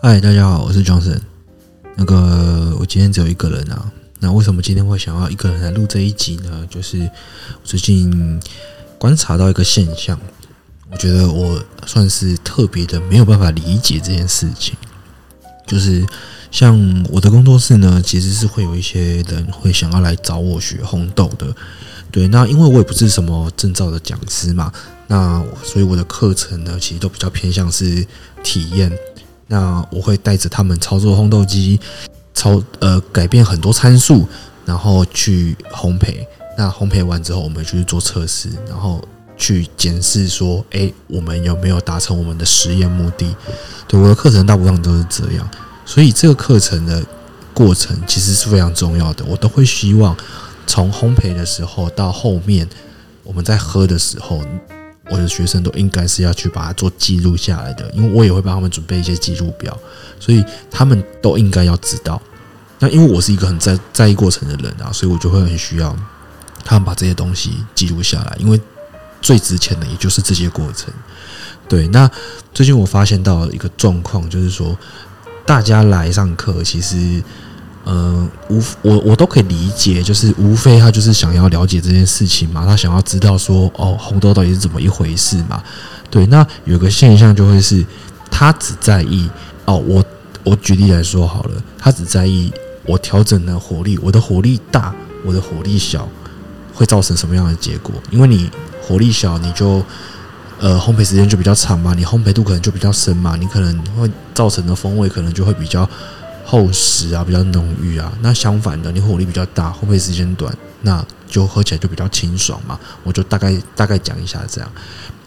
嗨，大家好，我是 Johnson。那個，我今天只有一個人啊。那為什麼今天會想要一個人來錄這一集呢？就是我最近觀察到一個現象，我覺得我算是特別的沒有辦法理解這件事情。就是像我的工作室呢，其實是會有一些人會想要來找我學烘豆的。對，那因為我也不是什麼證照的講師嘛，那所以我的課程呢，其實都比較偏向是體驗。那我會帶着他們操作烘豆機，操呃改變很多參數，然後去烘焙。那烘焙完之後，我們就去做測試，然後去檢視說，誒、欸，我們有沒有達成我們的實驗目的？對，我的課程大部分都是這樣，所以這個課程的過程其實是非常重要的。我都會希望從烘焙的時候到後面我們在喝的時候。我的學生都應該是要去把它做記錄下來的，因為我也會幫他們準備一些記錄表，所以他們都應該要知道。那因為我是一個很在在意過程的人啊，所以我就會很需要他們把這些東西記錄下來，因為最值錢的也就是這些過程。對，那最近我發現到一個狀況，就是說大家來上課，其實。嗯、呃，無我我都可以理解，就是無非他就是想要了解這件事情嘛，他想要知道說哦，紅豆到底是怎麼一回事嘛。對，那有個現象就會是，他只在意哦，我我舉例來說好了，他只在意我調整的火力，我的火力大，我的火力小，會造成什麼樣的結果？因為你火力小，你就呃烘焙時間就比較長嘛，你烘焙度可能就比較深嘛，你可能會造成的風味可能就會比較。厚實啊，比較濃郁啊。那相反的，你火力比較大，烘焙時間短，那就喝起來就比較清爽嘛。我就大概大概講一下這樣。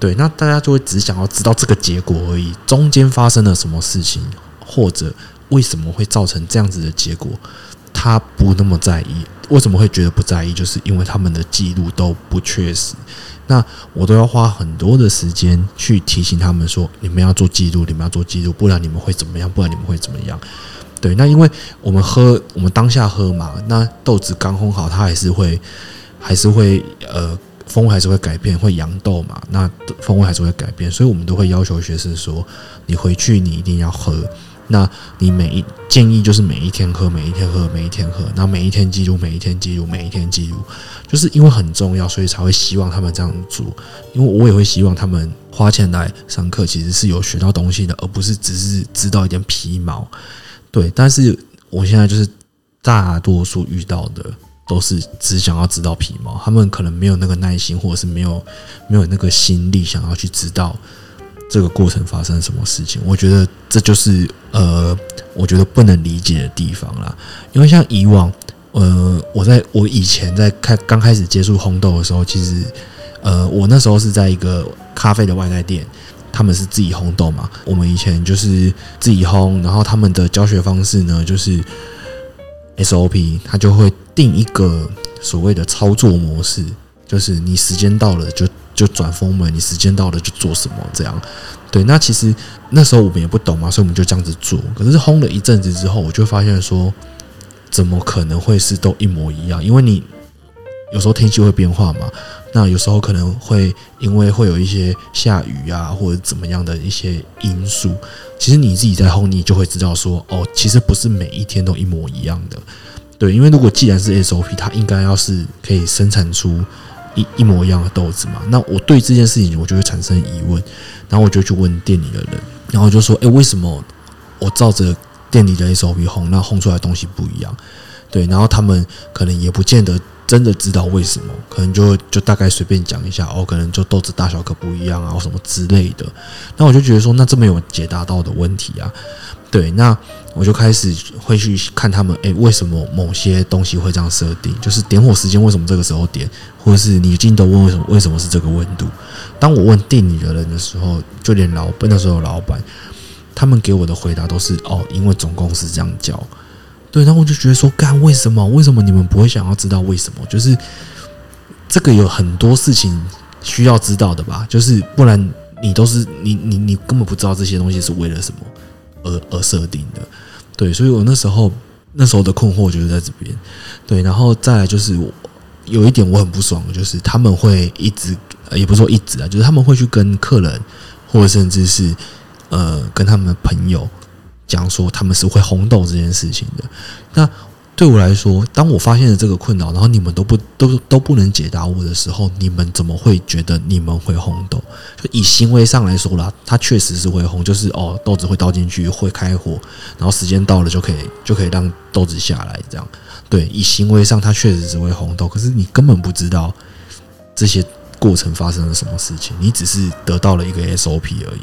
對，那大家就會只想要知道這個結果而已，中間發生了什麼事情，或者為什麼會造成這樣子的結果，他不那麼在意。為什麼會覺得不在意？就是因為他們的記錄都不確實。那我都要花很多的時間去提醒他們說：你們要做記錄，你們要做記錄，不然你們會怎麼樣？不然你們會怎麼樣？對，那因為我們喝我們當下喝嘛，那豆子剛烘好，它還是會還是會呃，風味還是會改變，會養豆嘛，那風味還是會改變，所以我們都會要求學生說，你回去你一定要喝，那你每一建議就是每一天喝，每一天喝，每一天喝，那每一天記錄，每一天記錄，每一天記錄，就是因為很重要，所以才會希望他們這樣做，因為我也會希望他們花錢來上課，其實是有學到東西的，而不是只是知道一點皮毛。對，但是我現在就是大多數遇到的都是只想要知道皮毛，他們可能沒有那個耐心，或者是沒有沒有那個心力想要去知道這個過程發生什麼事情。我覺得這就是呃，我覺得不能理解的地方啦。因為像以往，呃，我在我以前在開剛開始接觸烘豆的時候，其實呃，我那時候是在一個咖啡的外帶店。他們是自己烘豆嘛。我們以前就是自己烘，然後他們的教學方式呢，就是 SOP，他就會定一個所謂的操作模式，就是你時間到了就就轉風門，你時間到了就做什麼這樣。對，那其實那時候我們也不懂嘛，所以我們就這樣子做。可是烘了一陣子之後，我就發現說，怎麼可能會是都一模一樣？因為你有時候天氣會變化嘛，那有時候可能會因為會有一些下雨啊，或者怎麼樣的一些因素。其實你自己在烘，你就會知道說，哦，其實不是每一天都一模一樣的，對。因為如果既然是 SOP，它應該要是可以生產出一一模一樣的豆子嘛。那我對這件事情，我就會產生疑問，然後我就去問店裡的人，然後就說，誒，為什麼我照着店裡的 SOP 烘，那烘出來的東西不一樣？對，然後他們可能也不見得。真的知道為什麼？可能就就大概隨便講一下哦，可能就豆子大小可不一樣啊，什麼之類的。那我就覺得說，那這沒有解答到的問題啊。對，那我就開始會去看他們，誒、欸，為什麼某些東西會這樣設定？就是點火時間為什麼這個時候點，或者是你進豆溫度為什麼為什麼是這個溫度？當我問店裡的人的時候，就連老闆那時候老板，他們給我的回答都是哦，因為總公司這樣教。對，然後我就覺得說，幹，為什麼？為什麼你們不會想要知道為什麼？就是這個有很多事情需要知道的吧？就是不然你都是你你你根本不知道這些東西是為了什麼而而設定的。對，所以我那時候那時候的困惑就是在這邊。對，然後再來就是我有一點我很不爽的，就是他們會一直、呃、也不是說一直啊，就是他們會去跟客人或者甚至是呃跟他們的朋友。講說他們是會紅豆這件事情的，那對我來說，當我發現了這個困擾，然後你們都不都都不能解答我的時候，你們怎麼會覺得你們會紅豆？就以行為上來說啦，它確實是會紅，就是哦豆子會倒進去，會開火，然後時間到了就可以就可以讓豆子下來，這樣對。以行為上，它確實是會紅豆，可是你根本不知道這些過程發生了什麼事情，你只是得到了一個 SOP 而已。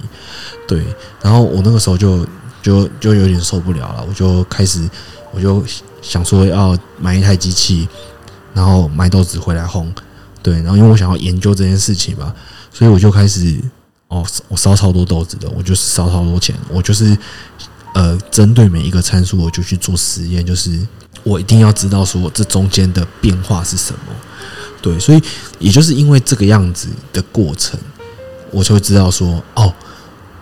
對，然後我那個時候就。就就有點受不了了，我就開始，我就想說要買一台機器，然後買豆子回來烘，對，然後因為我想要研究這件事情嘛，所以我就開始，哦，我燒超多豆子的，我就燒超多錢，我就是，呃，針對每一個參數，我就去做實驗，就是我一定要知道說這中間的變化是什麼，對，所以也就是因為這個樣子的過程，我就會知道說，哦。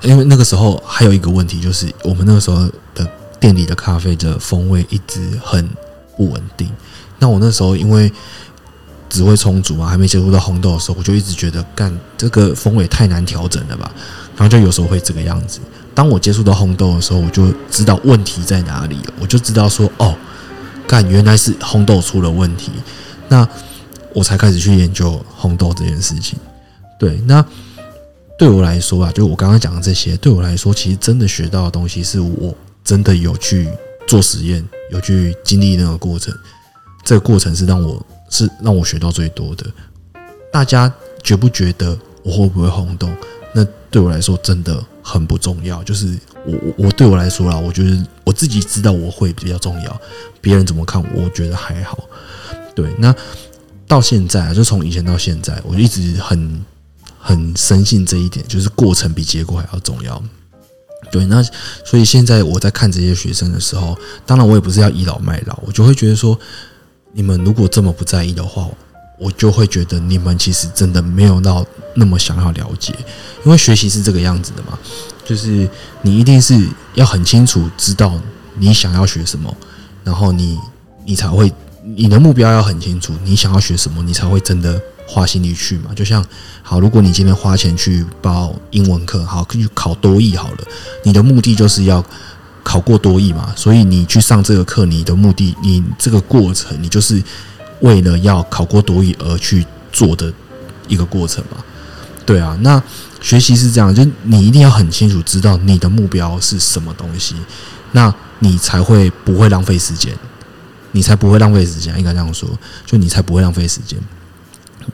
因為那個時候還有一個問題，就是我們那個時候的店裡的咖啡的風味一直很不穩定。那我那時候因為只會沖煮嘛、啊，還沒接觸到烘豆的時候，我就一直覺得幹這個風味太難調整了吧。然後就有時候會這個樣子。當我接觸到烘豆的時候，我就知道問題在哪裡，我就知道說哦，幹原來是烘豆出了問題。那我才開始去研究烘豆這件事情。對，那。對我來說啊，就我剛剛講的這些，對我來說，其實真的學到的東西，是我真的有去做實驗，有去經歷那個過程。這個過程是讓我是讓我學到最多的。大家覺不覺得我會不會轟動？那對我來說真的很不重要。就是我我對我來說啦，我覺得我自己知道我會比較重要。別人怎麼看，我覺得還好。對，那到現在啊，就從以前到現在，我一直很。很深信這一點，就是過程比結果還要重要。對，那所以現在我在看這些學生的時候，當然我也不是要倚老賣老，我就會覺得說，你們如果這麼不在意的話，我就會覺得你們其實真的沒有到那麼想要了解。因為學習是這個樣子的嘛，就是你一定是要很清楚知道你想要學什麼，然後你你才會你的目標要很清楚，你想要學什麼，你才會真的。花心力去嘛，就像好，如果你今天花錢去報英文課，好，去考多益好了，你的目的就是要考過多益嘛，所以你去上這個課，你的目的，你這個過程，你就是為了要考過多益而去做的一個過程嘛。對啊，那學習是這樣，就你一定要很清楚知道你的目標是什麼東西，那你才會不會浪費時間，你才不會浪費時間，應該這樣說，就你才不會浪費時間。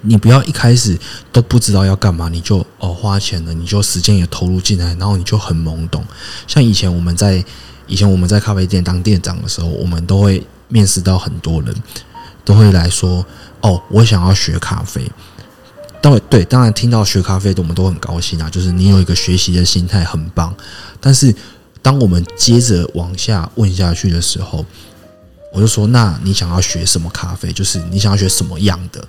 你不要一開始都不知道要幹嘛，你就哦花錢了，你就時間也投入進來，然後你就很懵懂。像以前我們在以前我們在咖啡店當店長的時候，我們都會面試到很多人，都會來說：“哦，我想要學咖啡。”當對當然聽到學咖啡的，我們都很高興啊，就是你有一個學習的心態，很棒。但是當我們接着往下問下去的時候，我就說：“那你想要學什麼咖啡？就是你想要學什麼樣的？”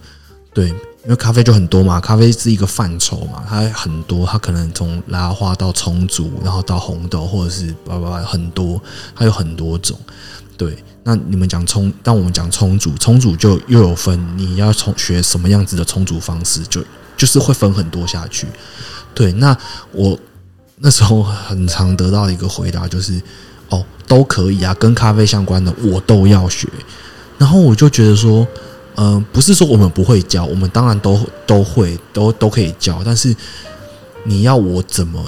對，因為咖啡就很多嘛，咖啡是一個範疇嘛，它很多，它可能從拉花到沖煮，然後到紅豆或者是叭叭很多，它有很多種。對，那你們講沖，但我們講沖煮，沖煮就又有分，你要從學什麼樣子的沖煮方式，就就是會分很多下去。對，那我那時候很常得到一個回答就是，哦，都可以啊，跟咖啡相關的我都要學，然後我就覺得說。嗯、呃，不是說我們不會教，我們當然都都會，都都可以教。但是你要我怎麼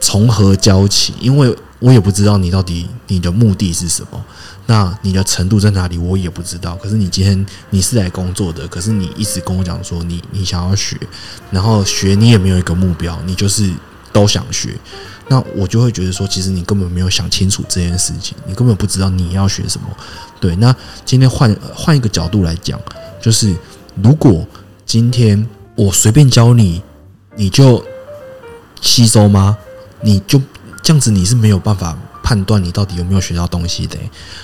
從何教起？因為我也不知道你到底你的目的是什麼，那你的程度在哪裡，我也不知道。可是你今天你是來工作的，可是你一直跟我講說你你想要學，然後學你也沒有一個目標，你就是都想學。那我就會覺得說，其實你根本沒有想清楚這件事情，你根本不知道你要學什麼。對，那今天換換一個角度來講，就是如果今天我隨便教你，你就吸收嗎？你就這樣子，你是沒有辦法判斷你到底有沒有學到東西的。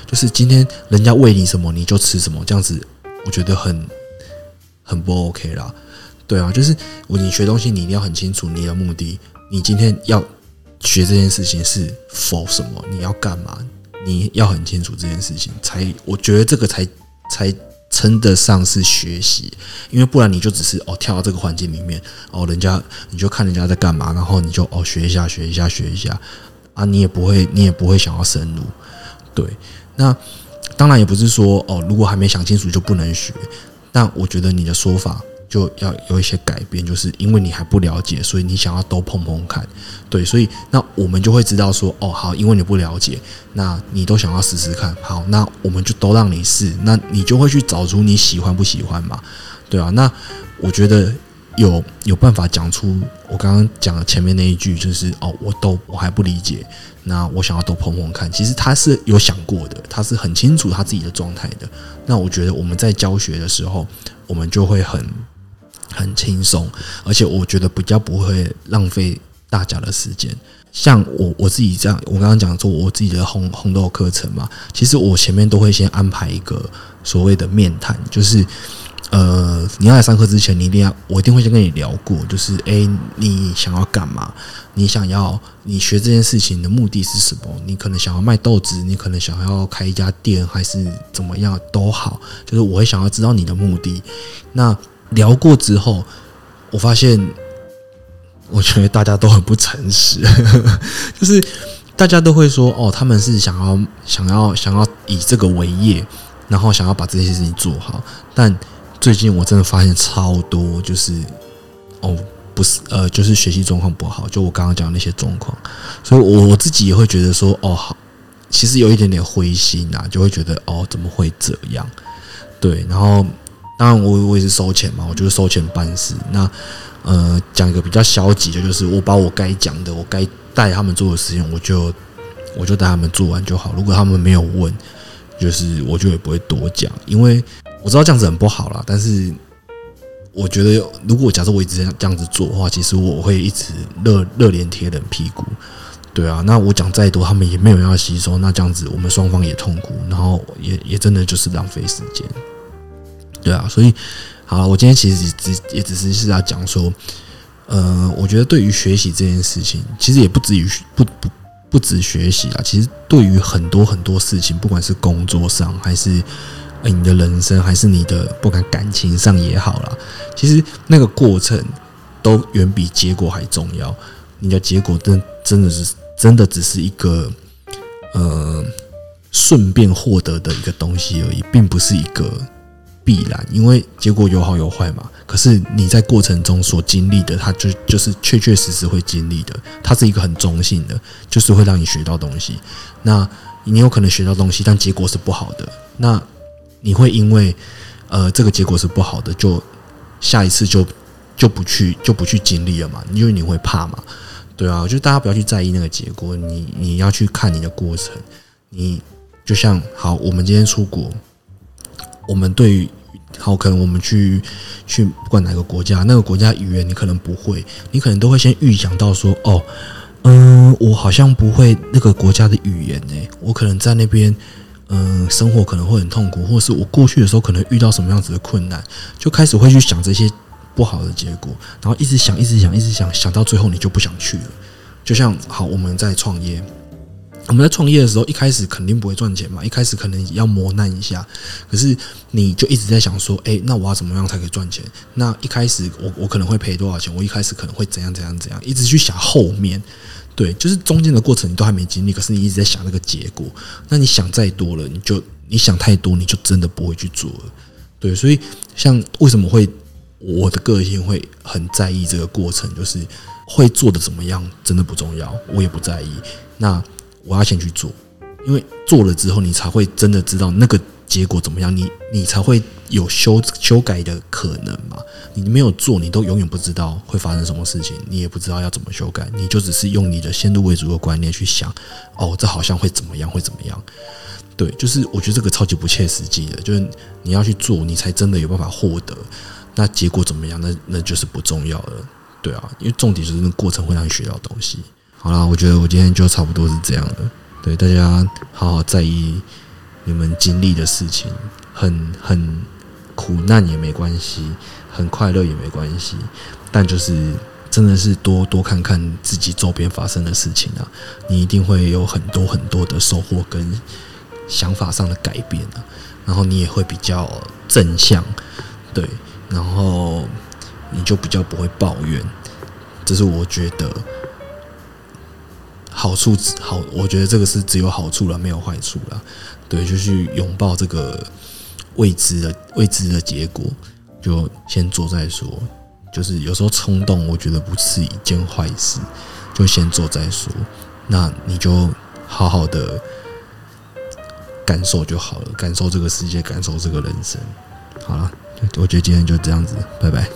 就是今天人家餵你什麼，你就吃什麼，這樣子我覺得很很不 OK 啦。對啊，就是我，你學東西你一定要很清楚你的目的，你今天要。學這件事情是 for 什麼？你要幹嘛？你要很清楚這件事情，才我覺得這個才才稱得上是學習，因為不然你就只是哦跳到這個環境裡面哦，人家你就看人家在幹嘛，然後你就哦學一下學一下學一下啊，你也不會你也不會想要深入，對。那當然也不是說哦，如果還沒想清楚就不能學，但我覺得你的說法，就要有一些改變，就是因為你還不了解，所以你想要都碰碰看，對，所以那我們就會知道說，哦，好，因為你不了解，那你都想要試試看，好，那我們就都讓你試，那你就會去找出你喜歡不喜歡嘛，對啊，那我覺得有有辦法講出我剛剛講的前面那一句，就是哦，我都我還不理解，那我想要都碰碰看，其實他是有想過的，他是很清楚他自己的狀態的，那我覺得我們在教學的時候，我們就會很。很輕鬆，而且我覺得比較不會浪費大家的時間。像我我自己這樣，我剛剛講說我自己的烘烘豆課程嘛，其實我前面都會先安排一個所謂的面談，就是呃，你要來上課之前，你一定要我一定會先跟你聊過，就是誒、欸，你想要幹嘛？你想要你學這件事情的目的是什麼？你可能想要賣豆子，你可能想要開一家店，還是怎麼樣都好，就是我會想要知道你的目的。那聊過之後，我發現，我覺得大家都很不誠實， 就是大家都會說哦，他們是想要想要想要以這個為業，然後想要把這些事情做好。但最近我真的發現超多，就是哦，不是呃，就是學習狀況不好，就我剛剛講的那些狀況。所以我，我自己也會覺得說哦，好，其實有一點點灰心啊，就會覺得哦，怎麼會這樣？對，然後。當然，我我也是收錢嘛，我就是收錢辦事。那，呃，講一個比較消極的，就是我把我該講的、我該帶他們做的事情，我就我就帶他們做完就好。如果他們沒有問，就是我就也不會多講，因為我知道這樣子很不好啦。但是，我覺得如果假設我一直這樣這樣子做的話，其實我會一直熱熱臉貼冷屁股。對啊，那我講再多，他們也沒有要吸收，那這樣子我們雙方也痛苦，然後也也真的就是浪費時間。對啊，所以，好，我今天其實只也只是是要講說，呃，我覺得對於學習這件事情，其實也不止於不不不止學習啦，其實對於很多很多事情，不管是工作上，還是、欸、你的人生，還是你的不管感情上也好啦，其實那個過程都遠比結果還重要。你的結果真真的是真的只是一個，呃，順便獲得的一個東西而已，並不是一個。必然，因為結果有好有壞嘛。可是你在過程中所經歷的，它就就是確確實實會經歷的。它是一個很中性的，就是會讓你學到東西。那你有可能學到東西，但結果是不好的。那你會因為呃這個結果是不好的，就下一次就就不去就不去經歷了嘛？因為你會怕嘛？對啊，就大家不要去在意那個結果，你你要去看你的過程。你，就像好，我們今天出國，我們對於好，可能我們去去不管哪個國家，那個國家語言你可能不會，你可能都會先預想到說，哦，嗯，我好像不會那個國家的語言呢、欸，我可能在那邊，嗯，生活可能會很痛苦，或是我過去的時候可能遇到什麼樣子的困難，就開始會去想這些不好的結果，然後一直想，一直想，一直想，想到最後你就不想去了。就像好，我們在創業。我們在創業的時候，一開始肯定不會賺錢嘛，一開始可能也要磨難一下。可是你就一直在想說：“誒，那我要怎麼樣才可以賺錢？”那一開始我我可能會賠多少錢？我一開始可能會怎樣怎樣怎樣？一直去想後面，對，就是中間的過程你都還沒經歷，可是你一直在想那個結果。那你想再多了，你就你想太多，你就真的不會去做了。對，所以像為什麼會我的個性會很在意這個過程，就是會做得怎麼樣真的不重要，我也不在意。那我要先去做，因為做了之後，你才會真的知道那個結果怎麼樣。你你才會有修修改的可能嘛。你沒有做，你都永遠不知道會發生什麼事情，你也不知道要怎麼修改。你就只是用你的先入為主的觀念去想，哦，這好像會怎麼樣，會怎麼樣？對，就是我覺得這個超級不切實際的。就是你要去做，你才真的有辦法獲得，那結果怎麼樣？那那就是不重要了，對啊。因為重點就是那個過程會讓你學到東西。好啦，我覺得我今天就差不多是這樣了。對，大家好好在意你們經歷的事情，很很苦難也沒關係，很快樂也沒關係。但就是真的是多多看看自己周邊發生的事情啊，你一定會有很多很多的收穫跟想法上的改變啊。然後你也會比較正向，對，然後你就比較不會抱怨。這是我覺得。好處好，我覺得這個是只有好處了，沒有壞處了。對，就去擁抱這個未知的未知的結果，就先做再說。就是有時候衝動，我覺得不是一件壞事，就先做再說。那你就好好的感受就好了，感受這個世界，感受這個人生。好了，我覺得今天就這樣子，拜拜。